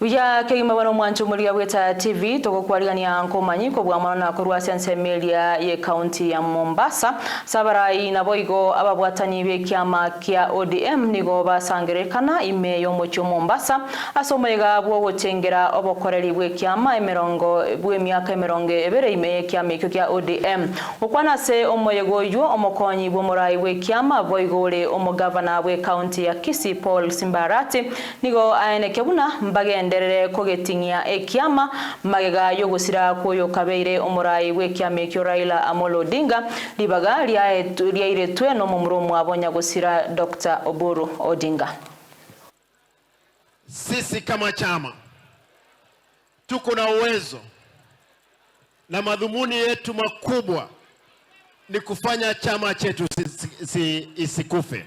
Uya kelima wano mwancho ya weta TV toko kualigania nkomanyiko bwa mwana korwa sensemelia ye county ya Mombasa sabara inaboigo ababwatani be kyama kya ODM ni nigo basangerekana ime yo mucho Mombasa asomega bwo gutengera obokoreri bwe ma emerongo bwe miaka emerongo ebere ime ye kyama mekyo kya ODM ukwana se omoyego yo omokonyi bwo murai bwe kyama boigore omogavana bwe county ya Kisii Paul Simbarati nigo aene kebuna mbagene enderere kugitingia ekiama yogosira gucira kabeire omurai we gwikiama kyo Raila Amolo Odinga libaga liairetwe no mumurumu abonya gosira Dr. Oburu Odinga. Sisi kama chama tuko na uwezo na madhumuni yetu makubwa ni kufanya chama chetu isikufe,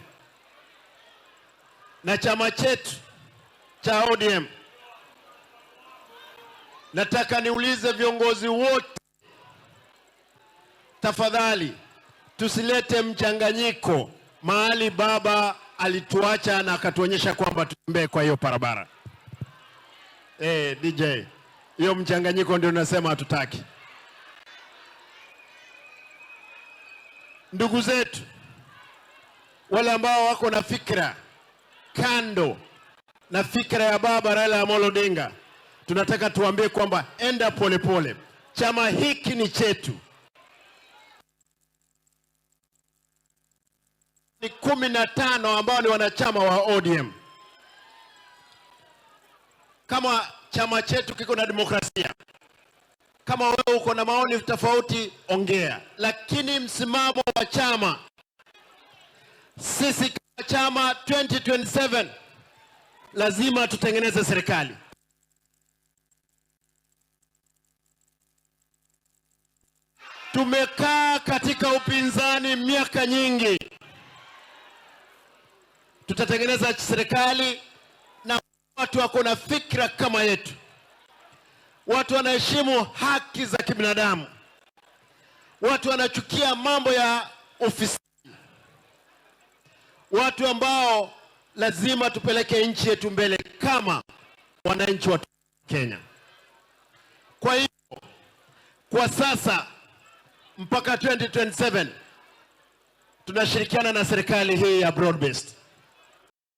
na chama chetu cha ODM Nataka niulize viongozi wote, tafadhali tusilete mchanganyiko mahali baba alituacha na akatuonyesha kwamba tutembee kwa hiyo barabara. Hey, eh, DJ, hiyo mchanganyiko ndio unasema hatutaki. Ndugu zetu wale ambao wako na fikra kando na fikra ya baba Raila Amolo Odinga tunataka tuambie kwamba enda polepole pole. Chama hiki ni chetu. Ni kumi na tano ambao ni wanachama wa ODM. Kama chama chetu kiko na demokrasia, kama wewe uko na maoni tofauti, ongea, lakini msimamo wa chama, sisi kama chama 2027 lazima tutengeneze serikali. Tumekaa katika upinzani miaka nyingi, tutatengeneza serikali na watu wako na fikra kama yetu, watu wanaheshimu haki za kibinadamu, watu wanachukia mambo ya ofisi, watu ambao lazima tupeleke nchi yetu mbele kama wananchi wa Kenya. Kwa hiyo kwa sasa mpaka 2027 tunashirikiana na serikali hii ya broad based.